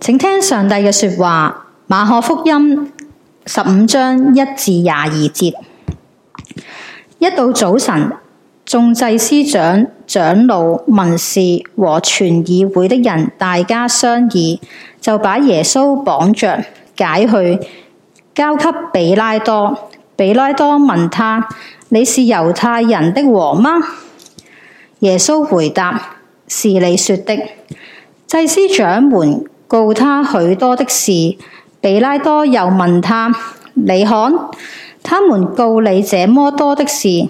請聽上帝嘅說話，《馬可福音》十五章一至廿二節。一到早晨，眾祭司長、長老、文士和全議會的人大家商議，就把耶穌綁着解去交給彼拉多。彼拉多問他：你是猶太人的王嗎？耶穌回答：是你說的。祭司長們告他許多的事。比拉多又問他：你看，他們告你這麼多的事，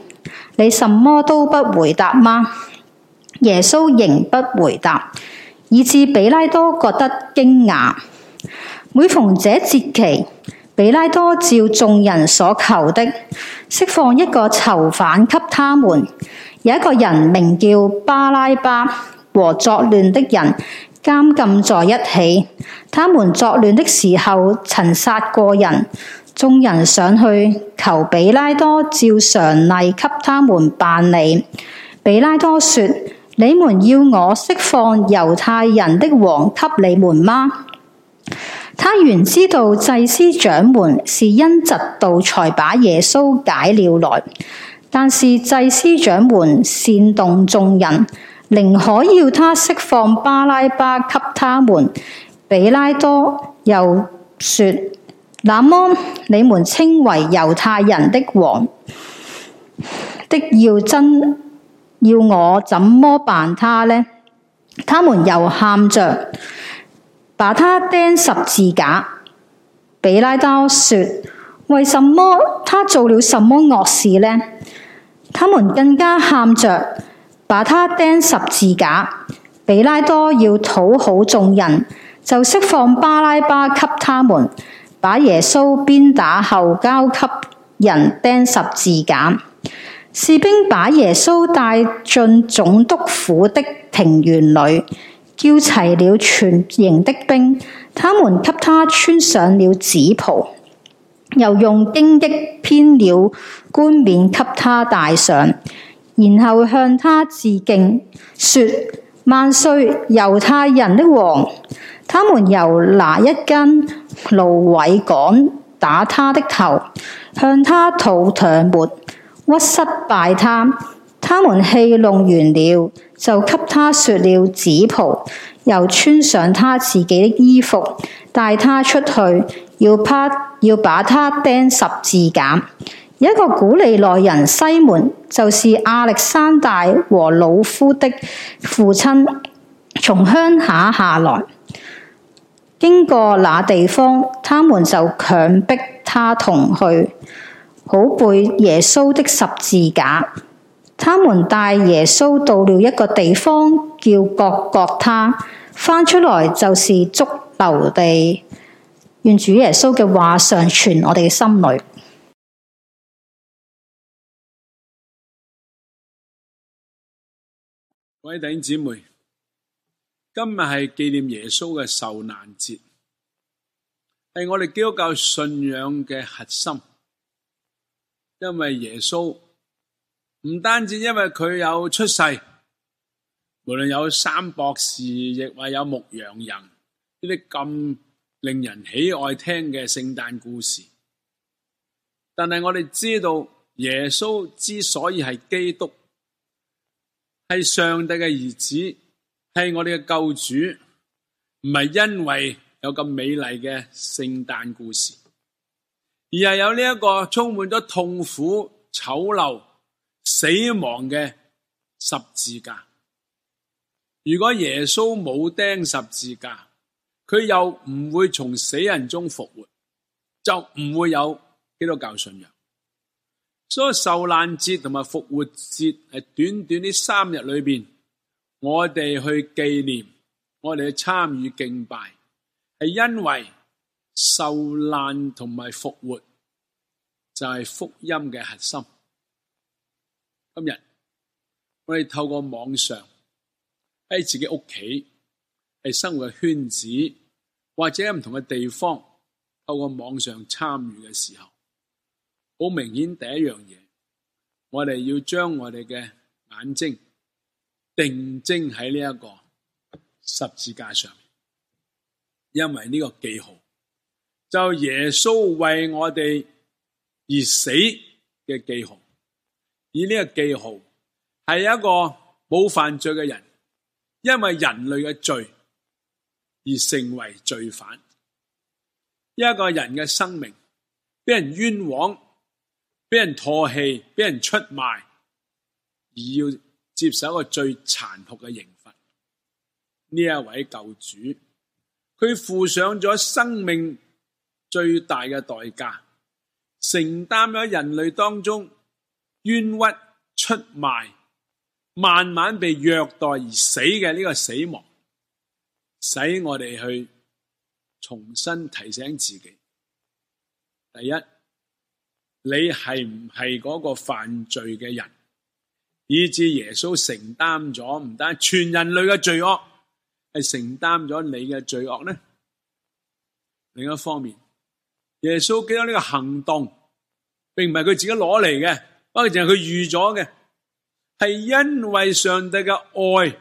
你什麼都不回答嗎？耶穌仍不回答，以至比拉多覺得驚訝。每逢這節期，比拉多照眾人所求的，釋放一個囚犯給他們。有一個人名叫巴拉巴，和作亂的人監禁在一起。他們作亂的時候曾殺過人，眾人上去求彼拉多照常例給他們辦理。彼拉多說：你們要我釋放猶太人的王給你們嗎？他原知道祭司長們是因嫉妒才把耶穌解了來。但是祭司長們煽動眾人，寧可要他釋放巴拉巴給他們。彼拉多又說：那麼你們稱為猶太人的王的要真要我怎麼辦他呢？他們又喊着，把他釘十字架。彼拉多說：為什麼？他做了什麼惡事呢？他們更加喊着把他釘十字架。彼拉多要討好眾人，就釋放巴拉巴給他們，把耶穌鞭打後交給人釘十字架。士兵把耶穌帶進總督府的庭園裏，叫齊了全營的兵，他們給他穿上了紫袍。又用荊棘編了冠冕給他戴上，然後向他致敬，說，萬歲，猶太人的王！他們又拿一根蘆葦桿打他的頭，向他吐唾沫，屈膝拜他。他們戲弄完了，就給他脱了紫袍，又穿上他自己的衣服，帶他出去，要拋。要把他釘十字架。一個古利奈人西門，就是亞歷山大和魯孚的父親，從鄉下下來，經過那地方，他們就強迫他同去，好背耶穌的十字架。他們帶耶穌到了一個地方叫各各他，翻出來就是髑髏地。願主耶穌嘅話常存我哋嘅心裏。各位弟兄姊妹，今日係紀念耶穌嘅受難節，係我哋基督教信仰嘅核心。因為耶穌唔單止因為佢有出世，無論有三博士亦或有牧羊人呢啲咁。這令人喜愛聽嘅聖誕故事，但係我哋知道耶穌之所以係基督，係上帝嘅兒子，係我哋嘅救主，唔係因為有咁美麗嘅聖誕故事，而係有呢一個充滿咗痛苦、醜陋、死亡嘅十字架。如果耶穌冇釘十字架，佢又唔會從死人中復活，就唔會有基督教信仰。所以受難節同埋復活節係短短呢三日裏邊，我哋去紀念，我哋去參與敬拜，係因為受難同埋復活就係福音嘅核心。今日我哋透過網上，喺自己屋企。喺生活嘅圈子，或者喺唔同嘅地方，透過網上參與嘅時候，好明顯第一樣嘢，我哋要將我哋嘅眼睛定睛喺呢一個十字架上面，因為呢個記號就耶穌為我哋而死嘅記號，而呢個記號係一個冇犯罪嘅人，因為人類嘅罪。而成為罪犯，一個人嘅生命俾人冤枉、俾人唾棄、俾人出賣，而要接受一個最殘酷嘅刑罰。呢一位救主，佢付上咗生命最大嘅代價，承擔咗人類當中冤屈、出賣、慢慢被虐待而死嘅呢個死亡。使我哋去重新提醒自己：第一，你係唔係嗰個犯罪嘅人？以致耶穌承擔咗唔單全人類嘅罪惡，係承擔咗你嘅罪惡咧。另一方面，耶穌經呢個行動，並唔係佢自己攞嚟嘅，不過淨係佢預咗嘅，係因為上帝嘅愛，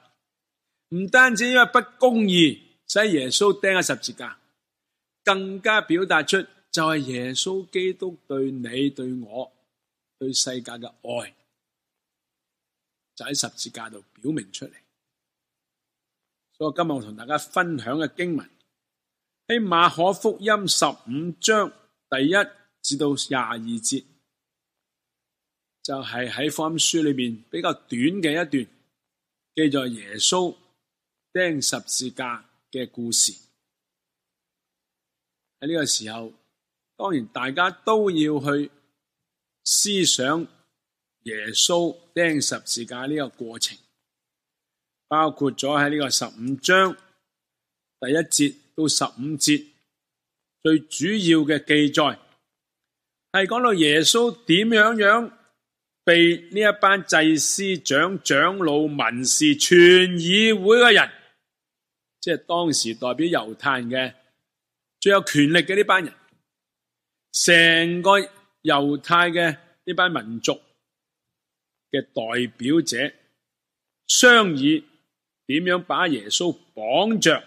唔單止因為不公義使，就是，耶穌釘喺十字架，更加表達出就係，是，耶穌基督對你，對我，對世界嘅愛，就喺十字架度表明出嚟。所以今我今日我同大家分享嘅經文喺馬可福音十五章第一至到廿二節，就係，是，喺福音書裏邊比較短嘅一段記載耶穌。釘十字架嘅故事。喺呢個時候，當然大家都要去思想耶穌釘十字架呢個過程，包括咗喺呢個十五章第一節到十五節最主要嘅記載，係講到耶穌點樣樣被呢一班祭司長、長老、文士全議會嘅人。即係當時代表猶太嘅最有權力嘅呢班人，成個猶太嘅呢班民族嘅代表者，商議點樣把耶穌綁著、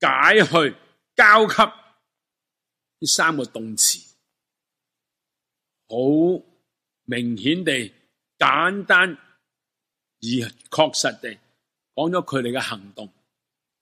解去、交給呢三個動詞，好明顯地，簡單而確實地講咗佢哋嘅行動。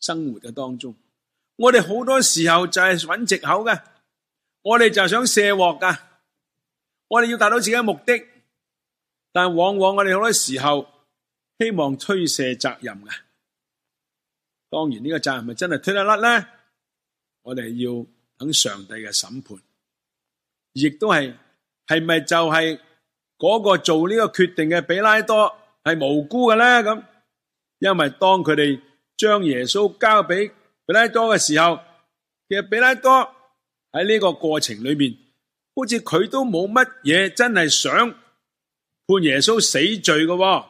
生活嘅當中，我哋好多時候就係揾藉口嘅，我哋就想卸鑊噶，我哋要達到自己嘅目的，但係往往我哋好多時候希望推卸責任嘅。當然呢個責任係咪真係推得甩咧，我哋要等上帝嘅審判，亦都係係咪就係嗰個做呢個決定嘅比拉多係無辜嘅咧？咁因為當佢哋。將耶穌交俾彼拉多嘅時候，其實彼拉多喺呢個過程裏面，好似佢都冇乜嘢真係想判耶穌死罪嘅，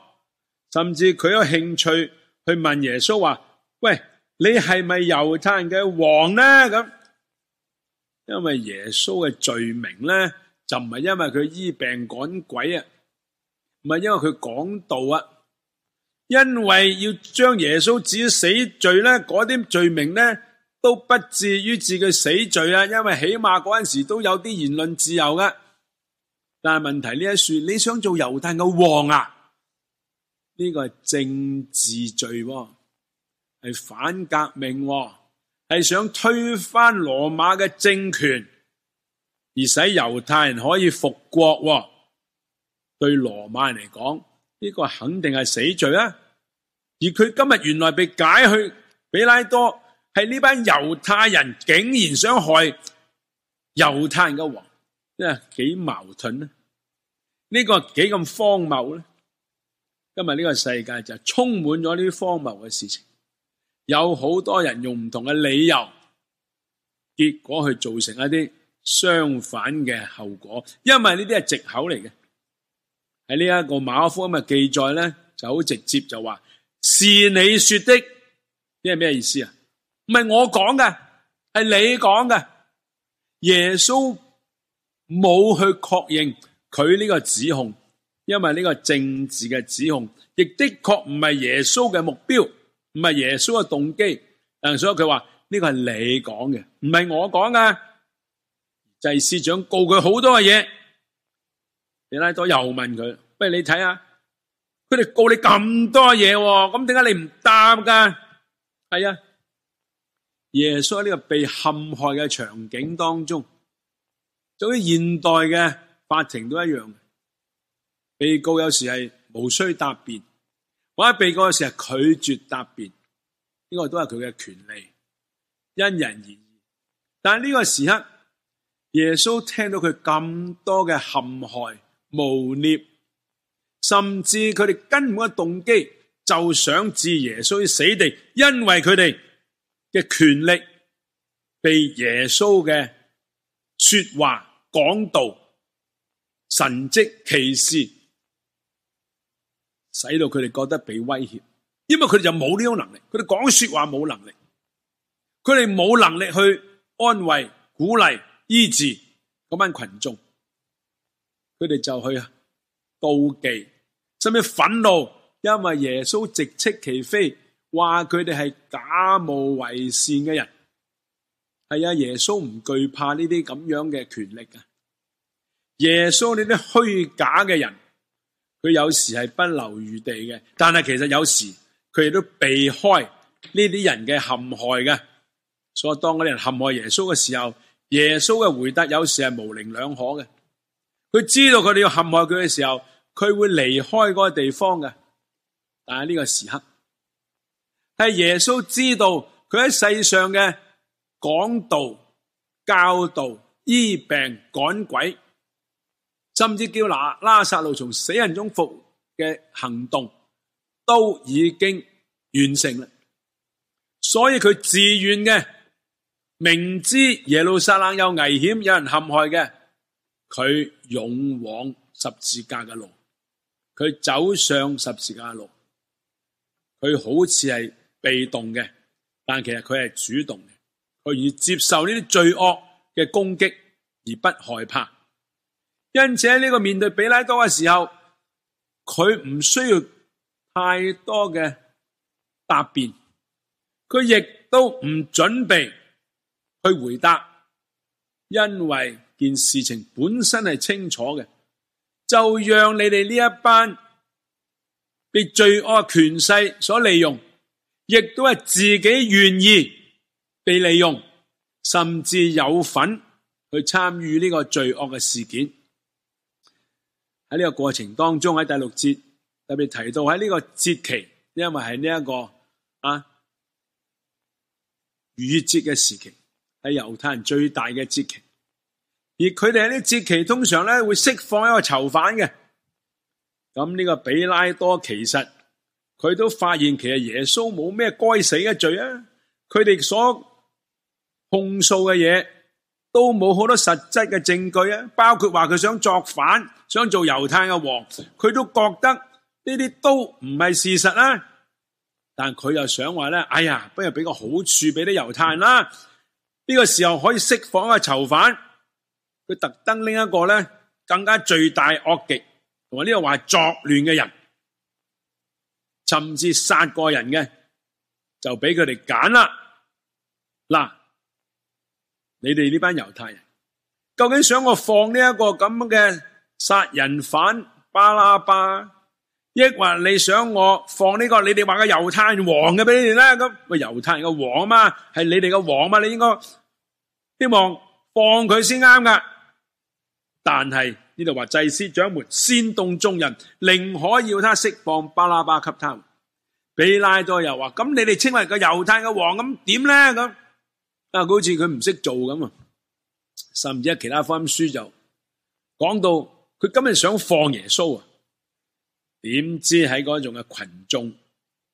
甚至佢有興趣去問耶穌話：喂，你係咪猶太人嘅王呢？咁，因為耶穌嘅罪名咧，就唔係因為佢醫病趕鬼啊，唔係因為佢講道啊。因為要將耶穌指死罪咧，嗰啲罪名咧都不至於治佢死罪啦。因為起碼嗰陣時都有啲言論自由嘅。但係問題呢一說，你想做猶太人嘅王啊？呢、這個係政治罪，哦，係反革命，哦，係想推翻羅馬嘅政權，而使猶太人可以復國，哦。對羅馬人嚟講。呢個肯定係死罪啊，而佢今日原來被解去比拉多，係呢班猶太人竟然想害猶太人嘅王，啊，幾矛盾咧？呢個幾咁荒謬咧？今日呢個世界就充滿咗呢啲荒謬嘅事情，有好多人用唔同嘅理由，結果去造成一啲相反嘅後果，因為呢啲係借口嚟嘅。喺呢一個馬可福音嘅記載咧，就好直接就話，是你說的。呢係咩意思啊？唔係我講嘅，係你講嘅。耶穌冇去確認佢呢個指控，因為呢個政治嘅指控，亦的確唔係耶穌嘅目標，唔係耶穌嘅動機。啊、嗯，所以佢話呢個係你講嘅，唔係我講嘅就祭、是、司長告佢好多嘅嘢。彼拉多又問佢，不如你睇下，佢哋告你咁多嘢，咁點解你唔答噶？係啊，耶穌喺呢個被陷害嘅場景當中，就好似現代嘅法庭都一樣，被告有時係無需答辯，或者被告有時係拒絕答辯，呢個都係佢嘅權利，因人而異。但係呢個時刻，耶穌聽到佢咁多嘅陷害。誣衊，甚至佢哋根本嘅動機就想致耶穌死地，因為佢哋嘅權力被耶穌嘅說話、講道、神蹟、奇事，使到佢哋覺得被威脅，因為佢哋就冇呢種能力，佢哋講說話冇能力，佢哋冇能力去安慰、鼓勵、醫治嗰班群眾。佢哋就去妒忌，甚至憤怒，因為耶穌直斥其非，話佢哋係假冒為善嘅人。係啊，耶穌唔懼怕呢啲咁樣嘅權力噶。耶穌呢啲虛假嘅人，佢有時係不留餘地嘅，但係其實有時佢哋都避開呢啲人嘅陷害嘅。所以當嗰啲人陷害耶穌嘅時候，耶穌嘅回答有時係模棱兩可嘅。佢知道佢哋要陷害佢嘅時候，佢會離開嗰個地方嘅。但係呢個時刻，係耶穌知道佢喺世上嘅講道、教導、醫病、趕鬼，甚至叫拿拉撒路從死人中復活嘅行動都已經完成啦。所以佢自願嘅，明知耶路撒冷有危險，有人陷害嘅。佢勇往十字架嘅路，佢走上十字架嘅路，佢好似係被動嘅，但其實佢係主動嘅，佢而接受呢啲罪惡嘅攻擊而不害怕，因此喺呢個面對比拉多嘅時候，佢唔需要太多嘅答辯，佢亦都唔準備去回答，因為，件事情本身係清楚嘅，就讓你哋呢一班被罪惡嘅權勢所利用，亦都係自己願意被利用，甚至有份去參與呢個罪惡嘅事件。喺呢個過程當中，喺第六節特別提到喺呢個節期，因為係呢一個逾越節嘅時期，係猶太人最大嘅節期。而佢哋喺啲節期通常咧會釋放一個囚犯嘅，咁、這、呢個比拉多其實佢都發現其實耶穌冇咩該死嘅罪啊，佢哋所控訴嘅嘢都冇好多實質嘅證據啊，包括話佢想作反、想做猶太嘅王，佢都覺得呢啲都唔係事實啦。但佢又想話咧，哎呀，不如俾個好處俾啲猶太人啦，呢、這個時候可以釋放一個囚犯。佢特登拎一個咧，更加罪大惡極，同埋呢個話作亂嘅人，甚至殺過人嘅，就俾佢哋揀啦。嗱，你哋呢班猶太人，究竟想我放呢一個咁嘅殺人犯巴拉巴，抑或你想我放呢個你哋話嘅猶太人王嘅俾你哋呢？咁個猶太人嘅王嘛，係你哋嘅王嘛，你應該希望放佢先啱㗎。但係呢度話祭司長們煽動眾人，寧可要他釋放巴拉巴給他。彼拉多又話：咁你哋稱為個猶太嘅王咁點咧？咁啊佢好似佢唔識做咁啊。甚至係其他福音書就講到佢今日想放耶穌啊，點知喺嗰一種嘅群眾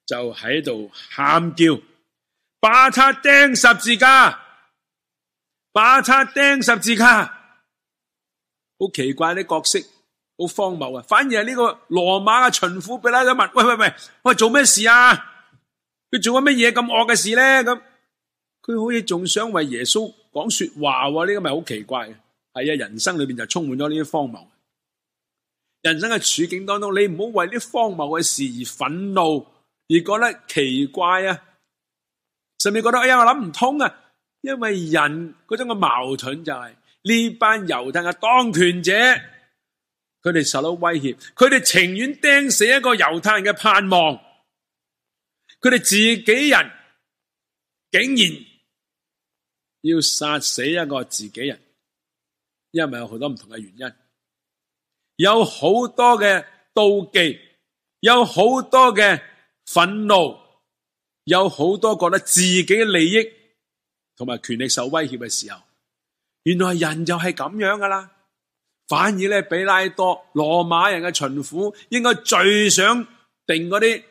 就喺度喊叫，把他釘十字架，把他釘十字架。好奇怪啲角色，好荒謬啊！反而係呢個羅馬嘅巡撫俾拉咗問，喂喂喂，我做咩事啊？佢做緊乜嘢咁惡嘅事咧？咁佢好似仲想為耶穌講說話喎，啊？呢，這個咪好奇怪嘅？係啊，人生裏邊就充滿咗呢啲荒謬。人生嘅處境當中，你唔好為啲荒謬嘅事而憤怒，而覺得奇怪啊！甚至覺得哎呀，我諗唔通啊！因為人嗰種嘅矛盾就係，是。呢班猶太人嘅當權者，佢哋受到威脅，佢哋情願釘死一個猶太人嘅盼望，佢哋自己人竟然要殺死一個自己人，因為有好多唔同嘅原因，有好多嘅妒忌，有好多嘅憤怒，有好多覺得自己嘅利益同埋權力受威脅嘅時候。原來人就係咁樣噶啦，反而咧比拉多羅馬人嘅巡撫應該最想定嗰啲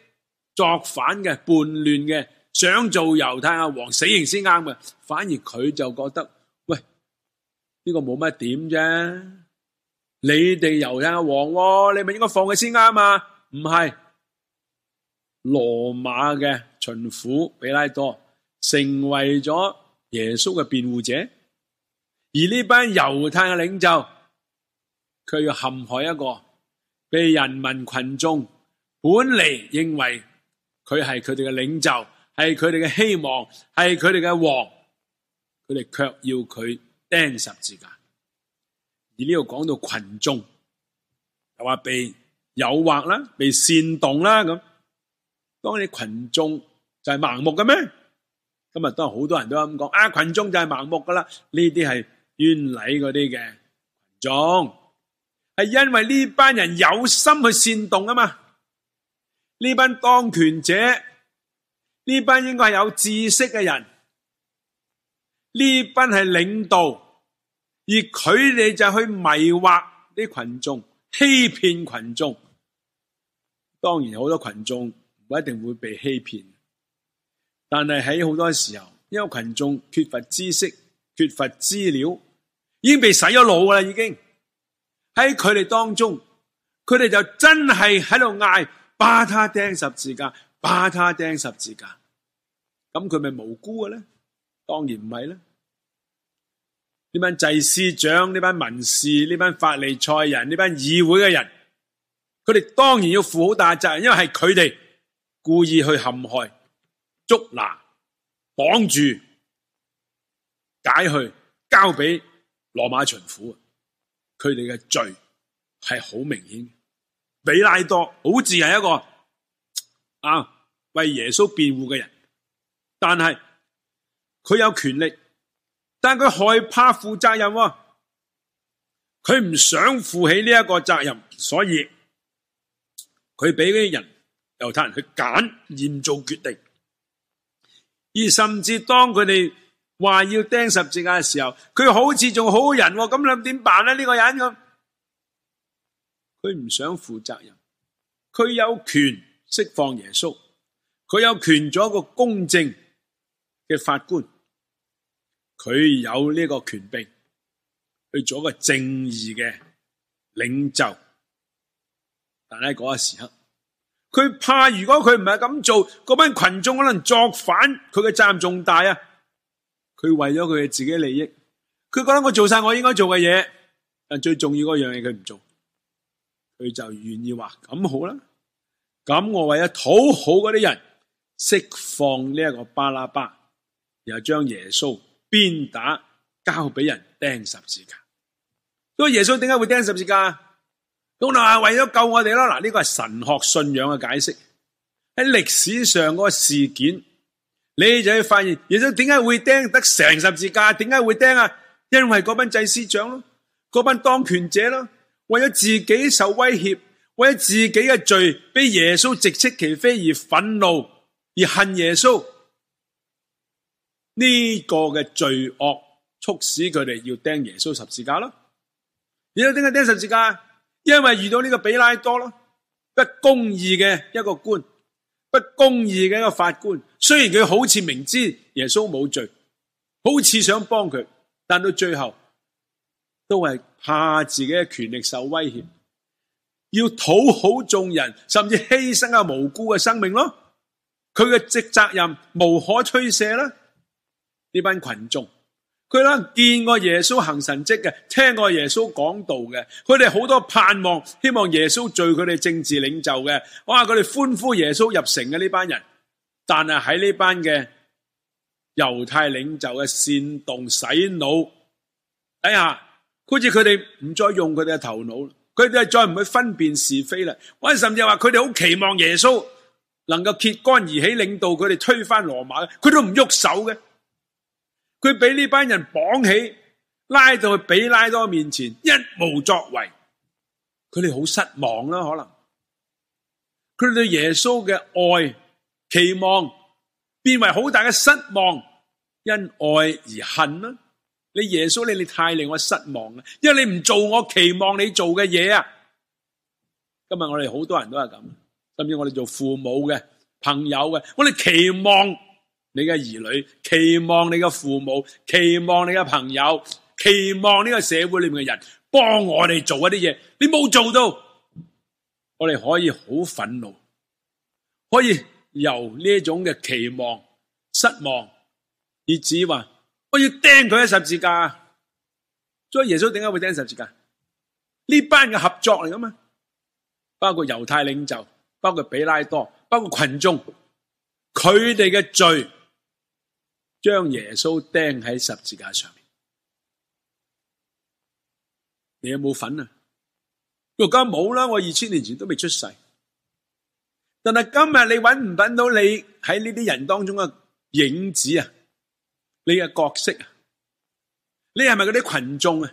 作反嘅叛亂嘅，想做猶太阿王死刑先啱嘅，反而佢就覺得喂呢個冇乜點啫，你哋猶太阿王、哦，你咪應該放佢先啱啊？唔係羅馬嘅巡撫比拉多成為咗耶穌嘅辯護者。而呢班猶太嘅領袖，佢要陷害一個被人民群眾本嚟，認為佢係佢哋嘅領袖，係佢哋嘅希望，係佢哋嘅王，佢哋卻要佢釘十字架。而呢度講到群眾，又話被誘惑啦，被煽動啦，咁當你群眾就係盲目嘅咩？今日都係好多人都係咁講，啊，群眾就係盲目噶啦，呢啲係。冤禮嗰啲嘅群眾係因為呢班人有心去煽動啊嘛？呢班當權者，呢班應該係有知識嘅人，呢班係領導，而佢哋就去迷惑啲群眾，欺騙群眾。當然好多群眾唔一定會被欺騙，但係喺好多時候，因為群眾缺乏知識。缺乏資料，已經被洗咗腦啦。已經喺佢哋當中，佢哋就真係喺度嗌，把他釘十字架，把他釘十字架。咁佢咪無辜嘅咧？當然唔係啦。呢班祭司長、呢班文士、呢班法利賽人、呢班議會嘅人，佢哋當然要負好大責任，因爲係佢哋故意去陷害、捉拿、綁住。解去交俾羅馬巡撫，佢哋嘅罪係好明顯。比拉多好似係一個啊為耶穌辯護嘅人，但係佢有權力，但佢害怕負責任，哦，佢唔想負起呢一個責任，所以佢俾啲人猶太人去揀，而唔做決定。而甚至當佢哋。話要釘十字架嘅時候，佢好似仲好人，哦，咁樣點辦咧，啊？呢，這個人咁，佢唔想負責任，佢有權釋放耶穌，佢有權做一個公正嘅法官，佢有呢個權柄去做一個正義嘅領袖。但係喺嗰個時刻，佢怕如果佢唔係咁做，嗰班群眾可能作反，佢嘅責任仲大啊！佢為咗佢自己利益，佢覺得我做晒我應該做嘅嘢，但最重要嗰樣嘢佢唔做，佢就願意話咁好啦。咁我為咗討好嗰啲人，釋放呢一個巴拉巴，然後將耶穌鞭打，交俾人釘十字架。咁耶穌點解會釘十字架？咁啊，為咗救我哋啦。嗱，呢個係神學信仰嘅解釋。喺歷史上嗰個事件。你就會發現耶穌點解會釘得成十字架？點解會釘啊？因為嗰班祭司長咯，嗰班當權者咯，為咗自己受威脅，為咗自己嘅罪俾耶穌直斥其非而憤怒而恨耶穌，呢個嘅罪惡促使佢哋要釘耶穌十字架咯。耶穌點解釘十字架？因為遇到呢個彼拉多咯，不公義嘅一個官，不公義嘅一個法官。雖然佢好似明知耶穌冇罪，好似想幫佢，但到最後都係怕自己嘅權力受威脅，要討好眾人，甚至犧牲啊無辜嘅生命咯。佢嘅職責任無可推卸啦。呢班群眾，佢可能見過耶穌行神蹟嘅，聽過耶穌講道嘅，佢哋好多盼望，希望耶穌做佢哋政治領袖嘅。哇！佢哋歡呼耶穌入城嘅呢班人。但係喺呢班嘅猶太領袖嘅煽動洗腦底下，好似佢哋唔再用佢哋嘅頭腦，佢哋再唔去分辨是非啦。或者甚至話佢哋好期望耶穌能夠揭竿而起，領導佢哋推翻羅馬，佢都唔喐手嘅。佢俾呢班人綁起，拉到去比拉多面前，一無作為，佢哋好失望啦。可能佢哋對耶穌嘅愛，期望變為好大嘅失望，因愛而恨咯。你耶穌你，你太令我失望啊！因為你唔做我期望你做嘅嘢啊。今日我哋好多人都係咁，甚至我哋做父母嘅、朋友嘅，我哋期望你嘅兒女，期望你嘅父母，期望你嘅朋友，期望呢個社會裏面嘅人幫我哋做一啲嘢，你冇做到，我哋可以好憤怒，可以。由呢種嘅期望、失望以指話我要釘佢喺十字架。所以耶穌點解會釘十字架？呢班嘅合作嚟噶嘛？包括猶太領袖，包括比拉多，包括群眾，佢哋嘅罪將耶穌釘喺十字架上面。你有冇份啊？梗係冇啦，我二千年前都未出世。但係今日你揾唔揾到你喺呢啲人當中嘅影子啊？你嘅角色啊？你係咪嗰啲群眾啊？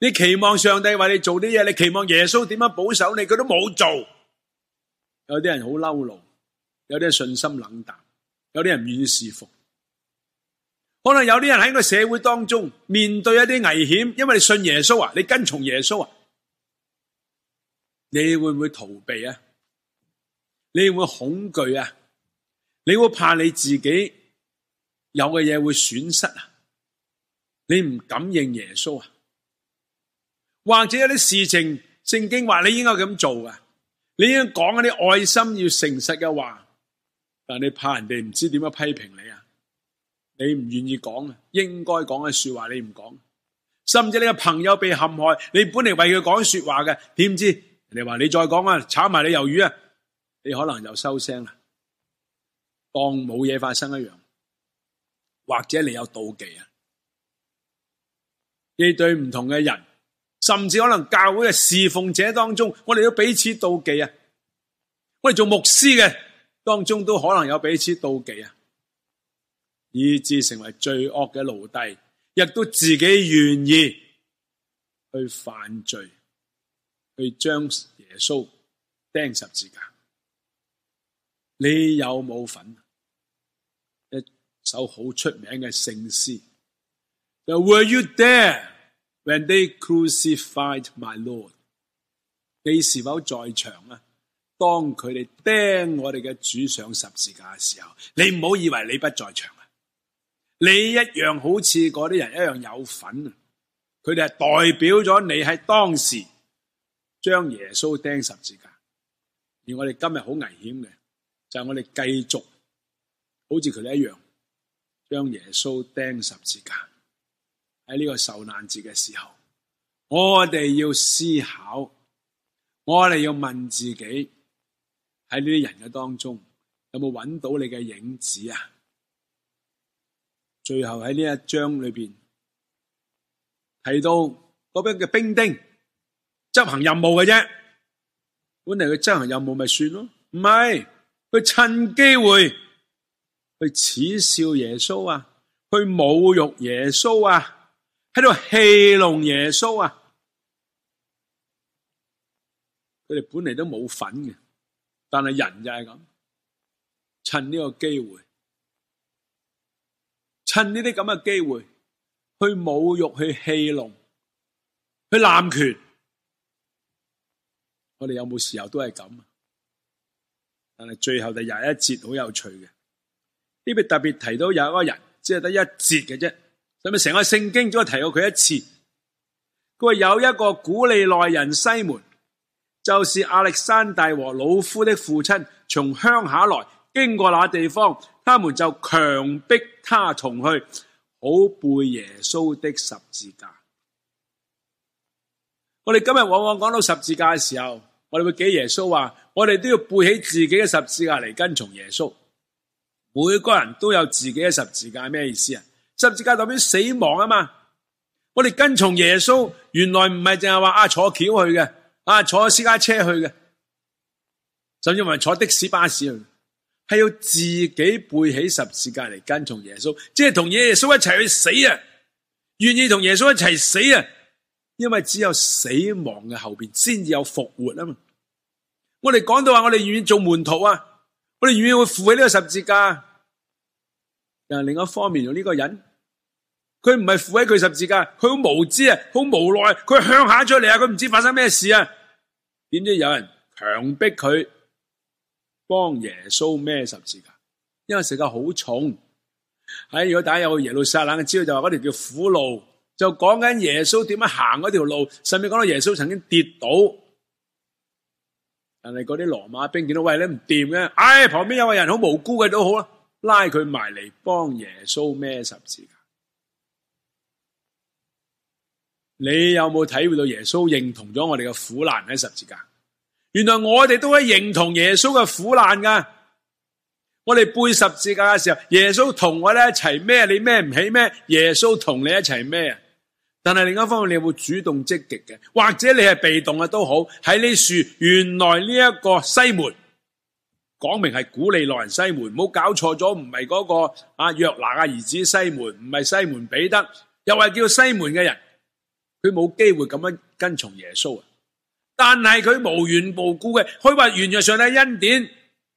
你期望上帝為你做啲嘢，你期望耶穌點樣保守你，佢都冇做。有啲人好嬲怒，有啲信心冷淡，有啲人唔願意事奉。可能有啲人喺個社會當中面對一啲危險，因為你信耶穌啊，你跟從耶穌啊，你會唔會逃避啊？你會唔會恐懼啊？你會怕你自己有嘅嘢會損失啊！你唔敢認耶穌啊？或者有啲事情聖經話你應該咁做啊！你應該講一啲愛心、要誠實嘅話，但你怕人哋唔知點樣批評你啊！你唔願意講啊！應該講嘅說話你唔講，甚至你個朋友被陷害，你本嚟為佢講說話嘅，點知人哋話你再講啊，炒埋你魷魚啊！你可能又收聲啦，當冇嘢發生一樣，或者你有妒忌啊？你對唔同嘅人，甚至可能教會嘅侍奉者當中，我哋都彼此妒忌啊！我哋做牧師嘅當中，都可能有彼此妒忌啊，以致成為罪惡嘅奴隸，亦都自己願意去犯罪，去將耶穌釘十字架。你有冇份？一首好出名嘅聖詩。Were you there when they crucified my Lord？你是否在場啊？當佢哋釘我哋嘅主上十字架嘅時候，你唔好以為你不在場啊！你一樣好似嗰啲人一樣有份啊！佢哋係代表咗你喺當時將耶穌釘十字架，而我哋今日好危險嘅。就係我哋繼續好似佢哋一樣，將耶穌釘十字架喺呢個受難節嘅時候，我哋要思考，我哋要問自己喺呢啲人嘅當中有冇搵到你嘅影子啊？最後喺呢一章裏邊提到嗰邊嘅兵丁執行任務嘅啫，本來佢執行任務咪算咯，唔係。佢趁機會去恥笑耶穌啊，去侮辱耶穌啊，喺度戲弄耶穌啊。佢哋本嚟都冇份嘅，但係人就係咁，趁呢個機會，趁呢啲咁嘅機會去侮辱、去戲弄、去濫權。我哋有冇時候都係咁啊？但係最後第廿一節好有趣嘅，呢邊特別提到有一個人，只係得一節嘅啫，咁咪成個聖經都提過佢一次？佢話有一個古利奈人西門，就是亞歷山大和魯孚的父親，從鄉下來經過那地方，他們就強迫他同去好背耶穌的十字架。我哋今日往往講到十字架嘅時候，我哋會記耶穌話。我哋都要背起自己嘅十字架嚟跟從耶穌。每個人都有自己嘅十字架，咩意思啊？十字架代表死亡啊嘛。我哋跟從耶穌，原來唔係淨係話啊坐轎去嘅，啊,坐,啊坐私家車去嘅，甚至乎坐的士巴士去，係要自己背起十字架嚟跟從耶穌，即係同耶穌一齊去死啊！願意同耶穌一齊死啊！因為只有死亡嘅後邊，先至有復活啊嘛。我哋講到話，我哋願意做門徒啊！我哋願意會負起呢個十字架，啊。但係另一方面，用、這、呢個人，佢唔係負起佢十字架，佢好無知啊，好無奈，佢向下咗嚟啊，佢唔知發生咩事啊，點知有人強迫佢幫耶穌孭十字架，因為十字架好重。喺、哎、如果大家有耶路撒冷嘅知道，就嗰條叫苦路，就講緊耶穌點樣行嗰條路，甚至講到耶穌曾經跌倒。但係嗰啲羅馬兵見到喂，你唔掂嘅，唉、哎、旁邊有個人好無辜嘅都好，拉佢埋嚟幫耶穌孭十字架。你有冇體會到耶穌認同咗我哋嘅苦難喺十字架？原來我哋都可以認同耶穌嘅苦難㗎。我哋背十字架嘅時候，耶穌同我哋一齊孭，你孭唔起咩？耶穌同你一齊孭。但係另一方面，你有冇主動積極嘅？或者你係被動嘅都好。喺呢樹，原來呢一個西門，講明係古利奈人西門，唔好搞錯咗，唔係嗰個阿約拿嘅兒子西門，唔係西門彼得，又係叫西門嘅人，佢冇機會咁樣跟從耶穌啊！但係佢無緣無故嘅，佢話原則上係恩典，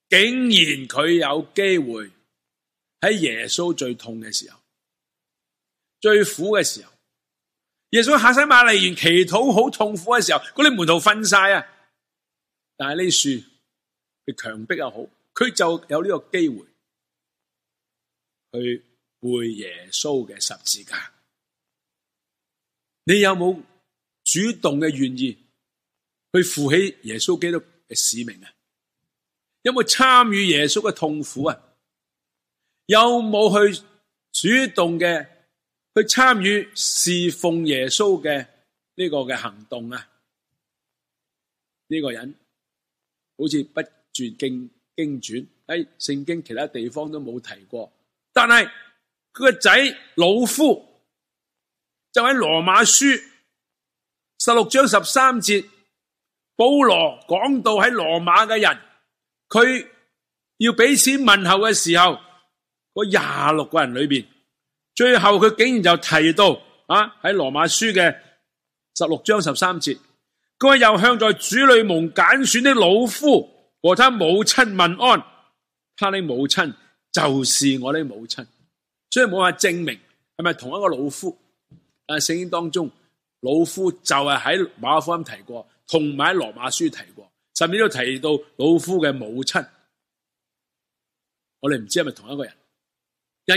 竟然佢有機會喺耶穌最痛嘅時候、最苦嘅時候。耶穌下死馬利園祈禱好痛苦嘅時候，嗰啲門徒瞓晒啊，但係呢樹，佢強迫又好，佢就有呢個機會去背耶穌嘅十字架。你有冇主動嘅願意去負起耶穌基督嘅使命啊？有冇參與耶穌嘅痛苦啊？有冇去主動嘅？去參與侍奉耶穌嘅呢個嘅行動啊！呢、呢個人好似不見經傳，喺聖經其他地方都冇提過，但係佢個仔魯孚就喺羅馬書十六章十三節，保羅講到喺羅馬嘅人，佢要俾錢問候嘅時候，個廿六個人裏邊。最後佢竟然就提到啊，喺羅馬書嘅十六章十三節，佢又向在主裡蒙揀選的老夫和他母親問安，他的母親就是我的母親，所以冇法證明係咪同一個老夫？但《聖經》當中老夫就係喺馬可福音提過，同埋喺羅馬書提過，甚至都提到老夫嘅母親，我哋唔知係咪同一個人。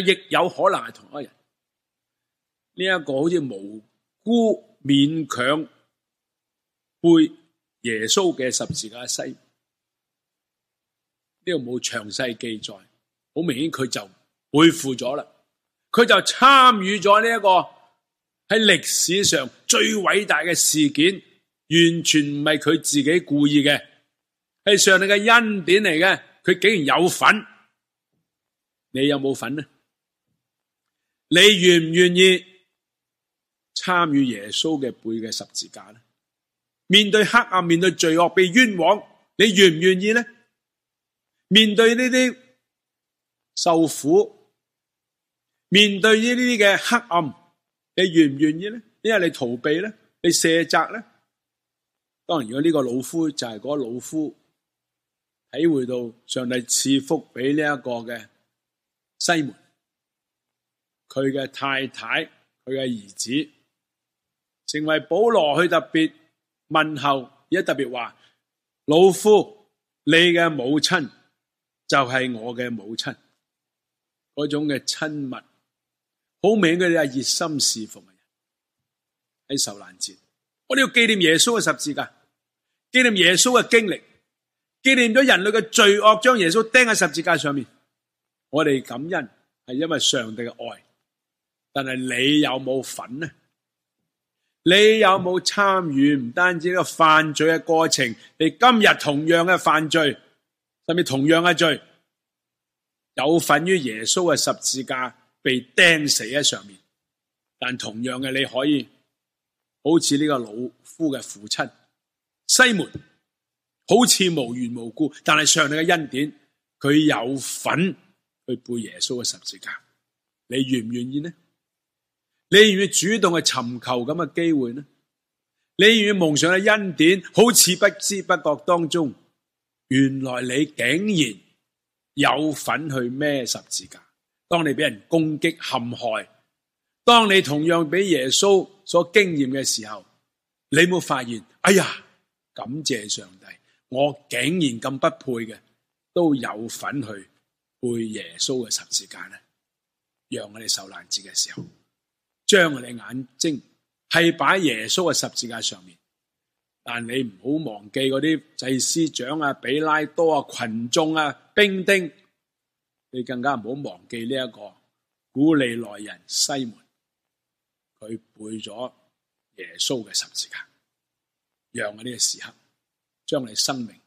也亦有可能係同一個人，呢一個好似無辜勉強背耶穌嘅十字架西，呢個冇詳細記載。好明顯佢就背負咗啦，佢就參與咗呢一個喺歷史上最偉大嘅事件，完全唔係佢自己故意嘅，係上帝嘅恩典嚟嘅。佢竟然有份，你有冇份呢？你願唔願意參與耶穌嘅背嘅十字架呢？面對黑暗，面對罪惡，被冤枉，你願唔願意呢？面對呢啲受苦，面對呢啲嘅黑暗，你願唔願意呢？因為你逃避呢，你卸責呢？當然，如果呢個老夫就係嗰個老夫，體會到上帝賜福俾呢一個嘅西門。佢嘅太太，佢嘅兒子，成為保羅佢特別問候，而家特別話：老夫你嘅母親就係我嘅母親，嗰種嘅親密，好明顯佢哋係熱心侍奉嘅人喺受難節，我哋要紀念耶穌嘅十字架，紀念耶穌嘅經歷，紀念咗人類嘅罪惡，將耶穌釘喺十字架上面。我哋感恩係因為上帝嘅愛。但係你有冇份呢？你有冇參與，唔單止呢個犯罪嘅過程，你今日同樣嘅犯罪，甚至同樣嘅罪，有份於耶穌嘅十字架被釘死喺上面。但同樣嘅你可以，好似呢個老夫嘅父親西門，好似無緣無故，但係上帝嘅恩典，佢有份去背耶穌嘅十字架。你願唔願意呢？你願唔願主動去尋求咁嘅機會呢？你願唔願蒙上嘅恩典，好似不知不覺當中，原來你竟然有份去孭十字架。當你俾人攻擊陷害，當你同樣俾耶穌所經驗嘅時候，你有冇發現？哎呀，感謝上帝，我竟然咁不配嘅，都有份去背耶穌嘅十字架呢？讓我哋受難節嘅時候。將我哋眼睛係擺耶穌嘅十字架上面，但你唔好忘記嗰啲祭司長啊、比拉多啊、群眾啊、兵丁，你更加唔好忘記呢一個古利奈人西門，佢背咗耶穌嘅十字架。讓我呢個時刻，將你生命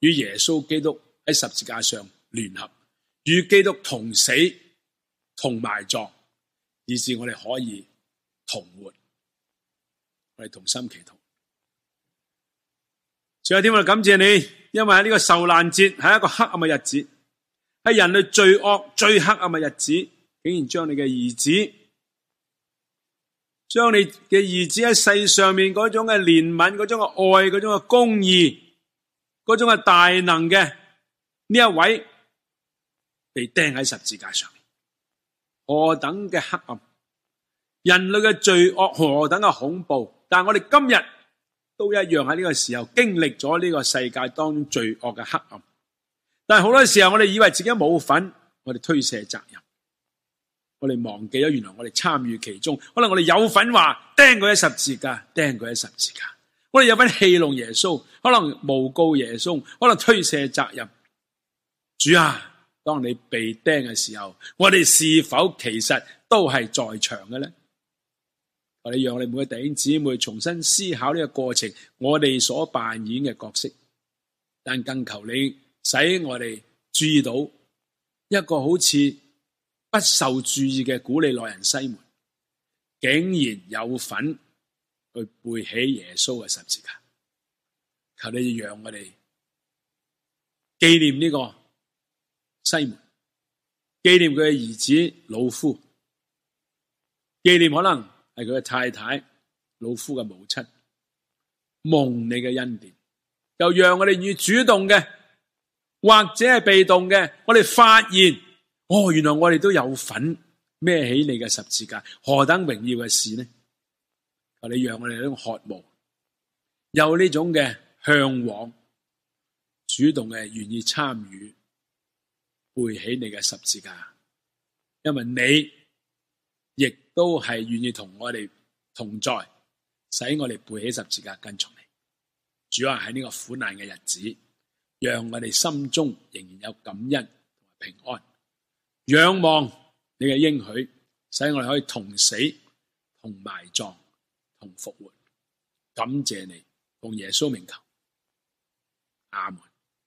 與耶穌基督喺十字架上聯合，與基督同死同埋葬，以至我哋可以同活，我哋同心祈禱。最後天父，感謝你，因為喺呢個受難節係一個黑暗嘅日子，係人類最惡、最黑暗嘅日子，竟然將你嘅兒子，將你嘅兒子喺世上面嗰種嘅憐憫、嗰種嘅愛、嗰種嘅公義、嗰種嘅大能嘅呢一位，被釘喺十字架上。何等嘅黑暗，人類嘅罪惡何等嘅恐怖！但係我哋今日都一樣喺呢個時候經歷咗呢個世界當中罪惡嘅黑暗。但係好多時候我哋以為自己冇份，我哋推卸責任，我哋忘記咗原來我哋參與其中。可能我哋有份話釘佢一十字架，釘佢一十字架。我哋有份戲弄耶穌，可能誣告耶穌，可能推卸責任。主啊！當你被釘嘅時候，我哋是否其實都係在場嘅咧？我哋讓你每個弟兄姊妹重新思考呢個過程，我哋所扮演嘅角色。但更求你使我哋注意到一個好似不受注意嘅古利奈人西門，竟然有份去背起耶穌嘅十字架。求你讓我哋紀念呢個。西門紀念佢嘅兒子老夫，紀念可能係佢嘅太太老夫嘅母親，蒙你嘅恩典，又讓我哋願意主動嘅，或者係被動嘅，我哋發現哦，原來我哋都有份孭起你嘅十字架，何等榮耀嘅事呢？你讓我哋呢種渴望，有呢種嘅向往，主動嘅願意參與。背起你嘅十字架，因為你亦都係願意同我哋同在，使我哋背起十字架跟從你。主啊，喺呢個苦難嘅日子，讓我哋心中仍然有感恩同埋平安，仰望你嘅應許，使我哋可以同死、同埋葬、同復活。感謝你，奉耶穌名求，阿門。